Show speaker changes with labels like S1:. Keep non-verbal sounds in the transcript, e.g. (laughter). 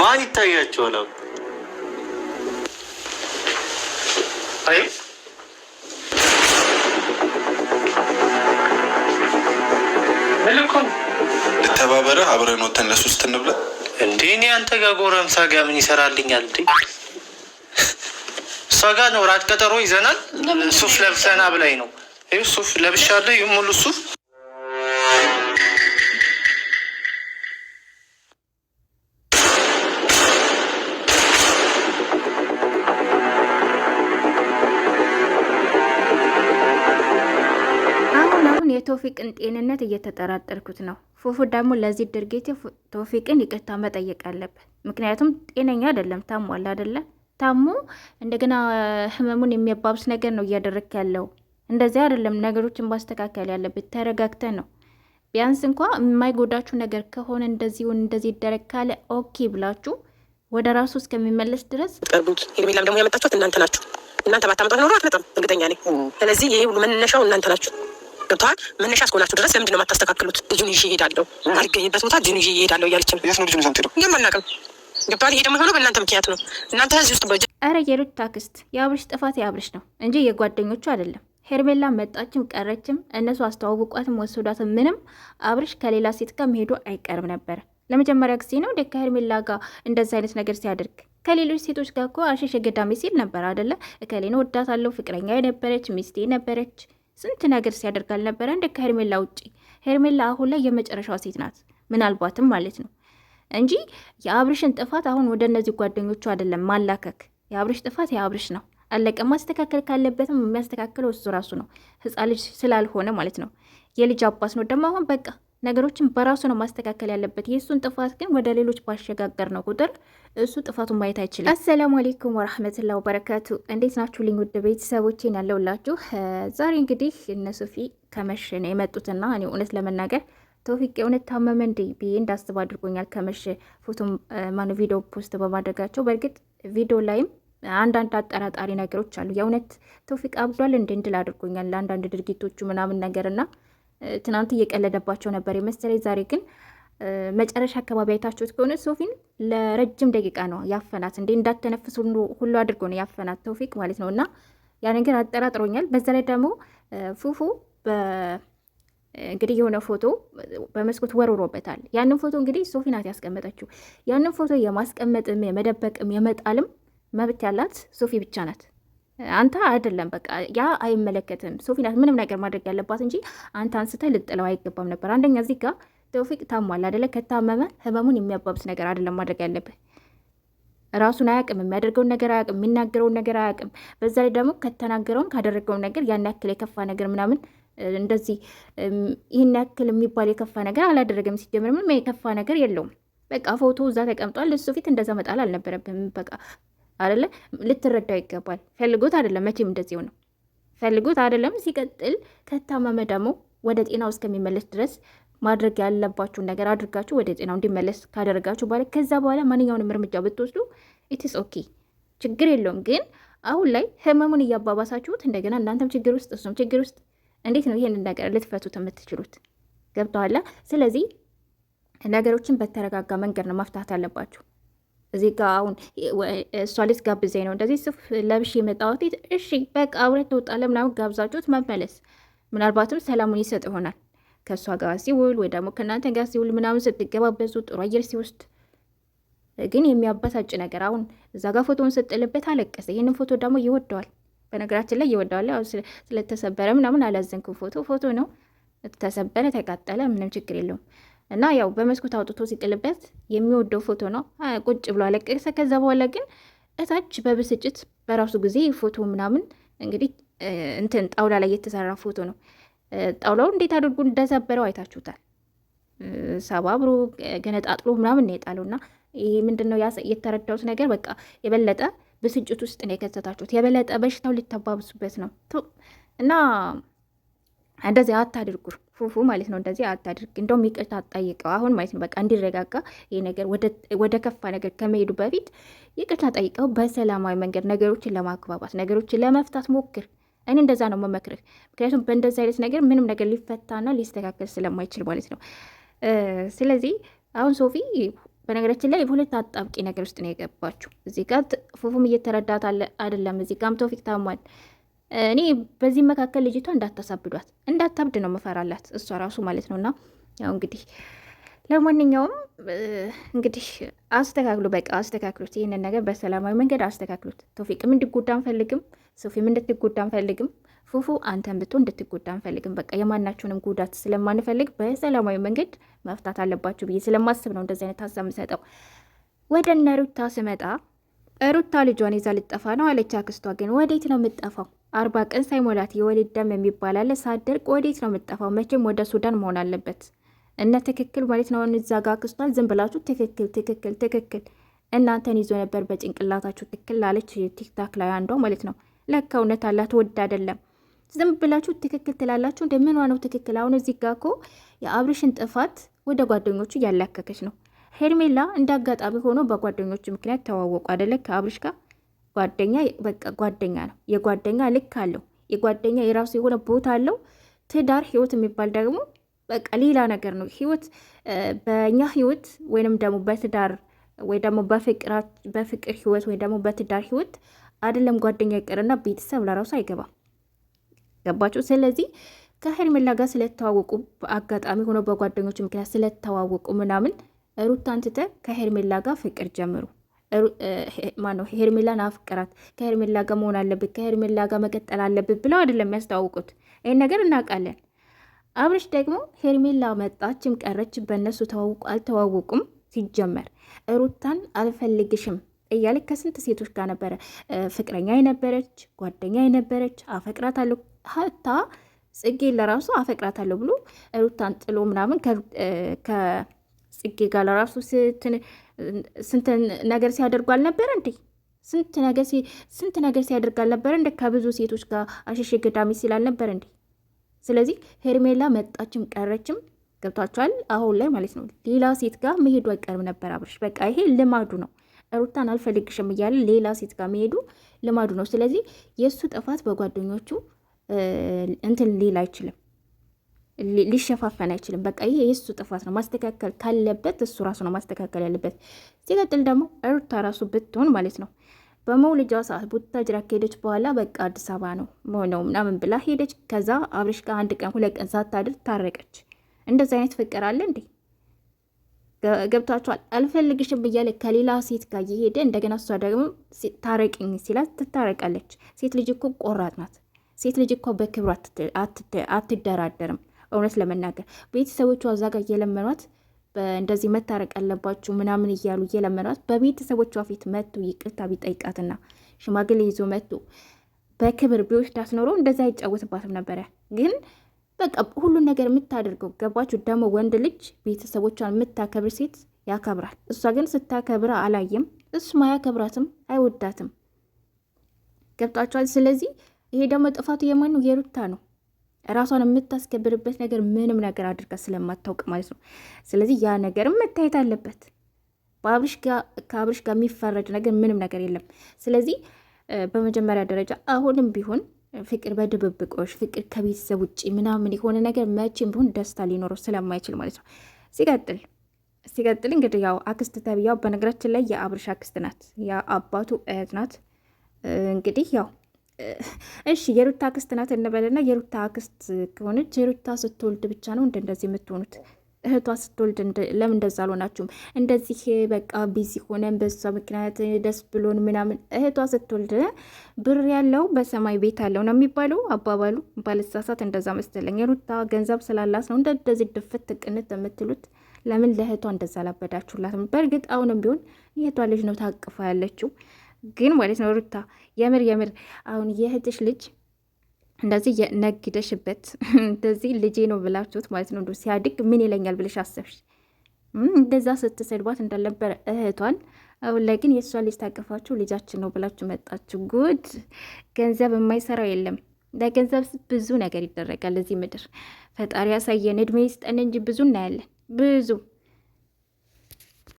S1: ማን ይታያቸዋል? አሁን አይ
S2: ልተባበረህ አብረን ወተን ለሶስት እንብላ
S1: እንዴ። እኔ አንተ ጋር ጎረምሳ ጋር ምን ይሰራልኛል? እንዴ እሷ ጋር ነው ራት ቀጠሮ ይዘናል። ሱፍ ለብሰና ብላይ ነው ሱፍ ለብሻለሁ። ይህም ሙሉ ሱፍ
S3: የቶፊቅን ጤንነት እየተጠራጠርኩት ነው። ፉፉ ደግሞ ለዚህ ድርጊት ቶፊቅን ይቅርታ መጠየቅ አለበት። ምክንያቱም ጤነኛ አይደለም፣ ታሟል አይደለ? ታሞ እንደገና ህመሙን የሚያባብስ ነገር ነው እያደረክ ያለው። እንደዚያ አይደለም ነገሮችን ማስተካከል ያለበት። ተረጋግተ ነው ቢያንስ እንኳ የማይጎዳችሁ ነገር ከሆነ እንደዚህ እንደዚህ ይደረግ ካለ ኦኬ ብላችሁ ወደ ራሱ እስከሚመለስ ድረስ
S4: ቀርቡት። ሄርሜላም ደግሞ ያመጣችሁት እናንተ ናችሁ። እናንተ ባታመጧት ኖሮ አትመጣም፣ እርግጠኛ ነኝ። ስለዚህ ይሄ ሁሉ መነሻው እናንተ ናችሁ። ገብተዋል። መነሻ እስከሆናችሁ ድረስ ለምንድን ነው የማታስተካክሉት? ልጁን ይዤ እሄዳለሁ፣ አልገኝበት ቦታ ልጁን ይዤ እሄዳለሁ እያለች ነው። የት ነው ልጁን ይዛ የምትሄደው? እኛም አናውቅም። ገብተዋል። ይሄ ደግሞ የሆነው በእናንተ ምክንያት ነው። እናንተ እዚህ ውስጥ በጀ
S3: ኧረ የሉት ታክስት የአብርሽ ጥፋት የአብርሽ ነው እንጂ የጓደኞቹ አይደለም። ሄርሜላ መጣችም ቀረችም እነሱ አስተዋውቋትም ወሰዷትም ምንም አብርሽ ከሌላ ሴት ጋር መሄዱ አይቀርም ነበር። ለመጀመሪያ ጊዜ ነው ደካ ሄርሜላ ጋር እንደዚህ አይነት ነገር ሲያደርግ። ከሌሎች ሴቶች ጋር እኮ አሸሸ ገዳሜ ሲል ነበር አደለ? እከሌን ወዳታለሁ፣ ፍቅረኛ የነበረች ሚስቴ ነበረች ስንት ነገር ሲያደርግ አልነበረ እንደ ከሄርሜላ ውጪ። ሄርሜላ አሁን ላይ የመጨረሻዋ ሴት ናት፣ ምናልባትም ማለት ነው እንጂ የአብርሽን ጥፋት አሁን ወደ እነዚህ ጓደኞቹ አይደለም ማላከክ። የአብርሽ ጥፋት የአብርሽ ነው፣ አለቀ። ማስተካከል ካለበትም የሚያስተካክለው እሱ ራሱ ነው፣ ህፃን ልጅ ስላልሆነ ማለት ነው። የልጅ አባት ነው ደግሞ አሁን በቃ ነገሮችን በራሱ ነው ማስተካከል ያለበት። የእሱን ጥፋት ግን ወደ ሌሎች ባሸጋገር ነው ቁጥር እሱ ጥፋቱን ማየት አይችልም።
S5: አሰላሙ አሌይኩም ወረህመቱላ ወበረካቱ። እንዴት ናችሁ? ልኝ ውድ ቤተሰቦቼን ያለውላችሁ ዛሬ እንግዲህ እነ ሶፊ ከመሸ ነው የመጡትና እኔ እውነት ለመናገር ተውፊቅ የእውነት ታመመ እንዲ ብዬ እንዳስብ አድርጎኛል። ከመሸ ፎቶ ማኑ ቪዲዮ ፖስት በማድረጋቸው በእርግጥ ቪዲዮ ላይም አንዳንድ አጠራጣሪ ነገሮች አሉ። የእውነት ተውፊቅ አብዷል እንደ እንድል አድርጎኛል ለአንዳንድ ድርጊቶቹ ምናምን ነገርና። ትናንት እየቀለደባቸው ነበር የመሰለኝ። ዛሬ ግን መጨረሻ አካባቢ አይታችሁት ከሆነ ሶፊን ለረጅም ደቂቃ ነው ያፈናት። እንዴ እንዳተነፍስ ሁሉ አድርጎ ነው ያፈናት ተውፊቅ ማለት ነው። እና ያ ነገር አጠራጥሮኛል። በዛ ላይ ደግሞ ፉፉ እንግዲህ የሆነ ፎቶ በመስኮት ወርሮበታል። ያንን ፎቶ እንግዲህ ሶፊ ናት ያስቀመጠችው። ያንን ፎቶ የማስቀመጥም የመደበቅም የመጣልም መብት ያላት ሶፊ ብቻ ናት። አንተ አይደለም በቃ ያ አይመለከትም። ሶፊናት ምንም ነገር ማድረግ ያለባት እንጂ አንተ አንስተህ ልጥለው አይገባም ነበር። አንደኛ እዚህ ጋር ተውፊቅ ታሟል አደለ? ከታመመ ህመሙን የሚያባብስ ነገር አይደለም ማድረግ ያለብህ። ራሱን አያውቅም፣ የሚያደርገውን ነገር አያውቅም፣ የሚናገረውን ነገር አያውቅም። በዛ ላይ ደግሞ ከተናገረውን ካደረገውን ነገር ያን ያክል የከፋ ነገር ምናምን እንደዚህ ይህን ያክል የሚባል የከፋ ነገር አላደረገም። ሲጀምር ምንም የከፋ ነገር የለውም። በቃ ፎቶ እዛ ተቀምጧል። እሱ ፊት እንደዛ መጣል አልነበረብም። በቃ አይደለ? ልትረዳው ይገባል። ፈልጎት አይደለም መቼም እንደዚሁ ነው። ፈልጎት አይደለም። ሲቀጥል ከታመመ ደግሞ ወደ ጤናው እስከሚመለስ ድረስ ማድረግ ያለባችሁን ነገር አድርጋችሁ ወደ ጤናው እንዲመለስ ካደረጋችሁ በኋላ ከዛ በኋላ ማንኛውንም እርምጃ ብትወስዱ ኢትስ ኦኬ፣ ችግር የለውም። ግን አሁን ላይ ህመሙን እያባባሳችሁት እንደገና እናንተም ችግር ውስጥ እሱም ችግር ውስጥ እንዴት ነው ይሄንን ነገር ልትፈቱት የምትችሉት? ገብተኋላ። ስለዚህ ነገሮችን በተረጋጋ መንገድ ነው መፍታት አለባችሁ። እዚህ ጋ አሁን እሷ ልትጋብዘኝ ነው እንደዚህ ስፍ ለብሽ የመጣወት እሺ በቃ አብረት ተወጣ ምናምን ጋብዛችሁት መመለስ ምናልባትም ሰላሙን ይሰጥ ይሆናል። ከእሷ ጋር ሲውል ወይ ደግሞ ከእናንተ ጋር ሲውል ምናምን ስትገባበዙ ጥሩ አየር ሲወስድ ግን የሚያበሳጭ ነገር አሁን እዛ ጋር ፎቶውን ስጥልበት አለቀሰ። ይህንን ፎቶ ደግሞ ይወደዋል። በነገራችን ላይ ይወደዋል። ስለተሰበረ ምናምን አላዘንኩም። ፎቶ ፎቶ ነው። ተሰበረ፣ ተቃጠለ፣ ምንም ችግር የለውም። እና ያው በመስኮት አውጥቶ ሲጥልበት የሚወደው ፎቶ ነው። ቁጭ ብሎ አለቀሰ። ከዛ በኋላ ግን እታች በብስጭት በራሱ ጊዜ ፎቶ ምናምን እንግዲህ እንትን ጣውላ ላይ የተሰራ ፎቶ ነው። ጣውላው እንዴት አድርጎ እንደሰበረው አይታችሁታል። ሰባብሮ ገነጣጥሎ ምናምን ነው የጣለው። እና ይህ ምንድን ነው የተረዳሁት ነገር በቃ የበለጠ ብስጭት ውስጥ ነው የከተታችሁት። የበለጠ በሽታው ልታባብሱበት ነው እና እንደዚህ አታድርጉ። ፉፉ ማለት ነው እንደዚህ አታድርግ፣ እንደውም ይቅርታ ጠይቀው አሁን ማለት ነው። በቃ እንዲረጋጋ ይሄ ነገር ወደ ከፋ ነገር ከመሄዱ በፊት ይቅርታ ጠይቀው፣ በሰላማዊ መንገድ ነገሮችን ለማግባባት ነገሮችን ለመፍታት ሞክር። እኔ እንደዛ ነው መመክርህ። ምክንያቱም በእንደዚ አይነት ነገር ምንም ነገር ሊፈታና ሊስተካከል ስለማይችል ማለት ነው። ስለዚህ አሁን ሶፊ በነገራችን ላይ ሁለት አጣብቂ ነገር ውስጥ ነው የገባችው። እዚህ ጋር ፉፉም እየተረዳት አይደለም፣ እዚህ ጋም ቶፊቅ ታሟል። እኔ በዚህ መካከል ልጅቷ እንዳታሳብዷት እንዳታብድ ነው መፈራላት እሷ ራሱ ማለት ነውና ያው እንግዲህ ለማንኛውም እንግዲህ አስተካክሉ፣ በቃ አስተካክሉት፣ ይህንን ነገር በሰላማዊ መንገድ አስተካክሉት። ቶፊቅም እንዲጎዳ አንፈልግም፣ ሶፊም እንድትጎዳ አንፈልግም፣ ፉፉ አንተን ብቶ እንድትጎዳ አንፈልግም። በቃ የማናችሁንም ጉዳት ስለማንፈልግ በሰላማዊ መንገድ መፍታት አለባችሁ ብዬ ስለማስብ ነው እንደዚህ አይነት ሀሳብ የምሰጠው። ወደ እነ ሩታ ስመጣ ሩታ ልጇን ይዛ ልጠፋ ነው አለች። አክስቷ ግን ወዴት ነው የምጠፋው? አርባ ቀን ሳይሞላት የወሊድ ደም የሚባል አለ። ሳትደርቅ ወዴት ነው የምጠፋው? መቼም ወደ ሱዳን መሆን አለበት። እነ ትክክል ማለት ነው እዛ ጋ ክስቷል። ዝም ብላችሁ ትክክል ትክክል ትክክል እናንተን ይዞ ነበር በጭንቅላታችሁ። ትክክል ላለች ቲክታክ ላይ አንዷ ማለት ነው። ለካ እውነት አላት ወድ አይደለም ዝም ብላችሁ ትክክል ትላላችሁ። እንደ ምኗ ነው ትክክል? አሁን እዚህ ጋ እኮ የአብርሽን ጥፋት ወደ ጓደኞቹ እያላከከች ነው ሄርሜላ። እንደ አጋጣሚ ሆኖ በጓደኞቹ ምክንያት ተዋወቁ አደለ ከአብርሽ ጋር ጓደኛ በቃ ጓደኛ ነው። የጓደኛ ልክ አለው። የጓደኛ የራሱ የሆነ ቦታ አለው። ትዳር ህይወት የሚባል ደግሞ በቃ ሌላ ነገር ነው። ህይወት በእኛ ህይወት ወይንም ደግሞ በትዳር ወይ ደግሞ በፍቅር ህይወት ወይ ደግሞ በትዳር ህይወት አይደለም ጓደኛ ይቅርና ቤተሰብ ለራሱ አይገባም። ገባችሁ? ስለዚህ ከሄርሜላ ጋር ስለተዋወቁ አጋጣሚ ሆኖ በጓደኞች ምክንያት ስለተዋወቁ ምናምን ሩታን ትተህ ከሄርሜላ ጋር ፍቅር ጀምሩ። ማነው ሄርሜላን አፍቅራት፣ ከሄርሜላ ጋር መሆን አለብህ፣ ከሄርሜላ ጋር መቀጠል አለብህ ብለው አይደለም የሚያስተዋውቁት። ይህን ነገር እናውቃለን። አብርሽ ደግሞ ሄርሜላ መጣችም ቀረች በእነሱ ተዋውቁ አልተዋወቁም። ሲጀመር ሩታን አልፈልግሽም እያለ ከስንት ሴቶች ጋር ነበረ። ፍቅረኛ የነበረች ጓደኛ የነበረች አፈቅራታለሁ፣ ሀታ ጽጌ ለራሱ አፈቅራታለሁ ብሎ ሩታን ጥሎ ምናምን ከጽጌ ጋር ለራሱ ስትን ስንት ነገር ሲያደርጉ አልነበረ እንዴ? ስንት ነገር ሲያደርግ አልነበረ እንደ ከብዙ ሴቶች ጋር አሸሼ ገዳሚ ሲል አልነበረ እንዴ? ስለዚህ ሄርሜላ መጣችም ቀረችም ገብቷቸዋል። አሁን ላይ ማለት ነው ሌላ ሴት ጋር መሄዱ አይቀርም ነበር አብርሽ። በቃ ይሄ ልማዱ ነው። ሩታን አልፈልግሽም እያለ ሌላ ሴት ጋር መሄዱ ልማዱ ነው። ስለዚህ የእሱ ጥፋት በጓደኞቹ እንትን ሌላ አይችልም። ሊሸፋፈን አይችልም። በቃ ይሄ የእሱ ጥፋት ነው። ማስተካከል ካለበት እሱ ራሱ ነው ማስተካከል ያለበት። ሲቀጥል ደግሞ እርታ ራሱ ብትሆን ማለት ነው በመውልጃ ሰዓት ቡታጅራ ከሄደች በኋላ በቃ አዲስ አበባ ነው ሆነው ምናምን ብላ ሄደች። ከዛ አብረሽ ጋር አንድ ቀን ሁለት ቀን ሳታድር ታረቀች። እንደዚ አይነት ፍቅር አለ እንዴ? ገብታችኋል? አልፈልግሽም እያለ ከሌላ ሴት ጋር እየሄደ እንደገና እሷ ደግሞ ታረቅኝ ሲላት ትታረቃለች። ሴት ልጅ እኮ ቆራጥ ናት። ሴት ልጅ እኮ በክብሩ አትደራደርም። እውነት ለመናገር ቤተሰቦቿ እዛ ጋር እየለመኗት እንደዚህ መታረቅ ያለባችሁ ምናምን እያሉ እየለመኗት በቤተሰቦቿ ፊት መቶ ይቅርታ ቢጠይቃትና ሽማግሌ ይዞ መቶ በክብር ቢወስዳት ኖሮ እንደዚ አይጫወትባትም ነበረ። ግን በቃ ሁሉን ነገር የምታደርገው ገባችሁ። ደግሞ ወንድ ልጅ ቤተሰቦቿን የምታከብር ሴት ያከብራል። እሷ ግን ስታከብር አላየም፣ እሱም አያከብራትም፣ አይወዳትም። ገብጣችኋል? ስለዚህ ይሄ ደግሞ ጥፋቱ የማን ነው? የሩታ ነው። ራሷን የምታስከብርበት ነገር ምንም ነገር አድርጋ ስለማታውቅ ማለት ነው። ስለዚህ ያ ነገርም መታየት አለበት። ከአብርሽ ጋር የሚፈረድ ነገር ምንም ነገር የለም። ስለዚህ በመጀመሪያ ደረጃ አሁንም ቢሆን ፍቅር በድብብቆች ፍቅር ከቤተሰብ ውጭ ምናምን የሆነ ነገር መቼም ቢሆን ደስታ ሊኖረው ስለማይችል ማለት ነው። ሲቀጥል ሲቀጥል እንግዲህ ያው አክስት ተብያው በነገራችን ላይ የአብርሽ አክስት ናት፣ የአባቱ እህት ናት። እንግዲህ ያው እሺ የሩታ አክስት ናት እንበልና የሩታ አክስት ከሆነች የሩታ ስትወልድ ብቻ ነው እንደዚህ የምትሆኑት። እህቷ ስትወልድ ለምን እንደዛ አልሆናችሁም? እንደዚህ በቃ ቢዚ ሆነን በሷ ምክንያት ደስ ብሎን ምናምን። እህቷ ስትወልድ ብር ያለው በሰማይ ቤት አለው ነው የሚባለው አባባሉ፣ ባለሳሳት እንደዛ መስለኝ። የሩታ ገንዘብ ስላላት ነው እንደዚህ ድፍት ቅንት የምትሉት። ለምን ለእህቷ እንደዛ አላበዳችሁላትም? በእርግጥ አሁንም ቢሆን የእህቷ ልጅ ነው ታቅፋ ያለችው ግን ማለት ነው ሩታ የምር የምር አሁን የእህትሽ ልጅ እንደዚህ ነግደሽበት (laughs) እንደዚህ ልጄ ነው ብላችሁት ማለት ነው እንደው ሲያድግ ምን ይለኛል ብለሽ አሰብሽ? እንደዛ ስትሰድቧት እንዳልነበረ እህቷን አሁን ላይ ግን የእሷ ልጅ ታቀፋችሁ ልጃችን ነው ብላችሁ መጣችሁ። ጉድ ገንዘብ የማይሰራው የለም። ለገንዘብ ብዙ ነገር ይደረጋል እዚህ ምድር። ፈጣሪ ያሳየን፣ እድሜ ይስጠን እንጂ ብዙ እናያለን ብዙ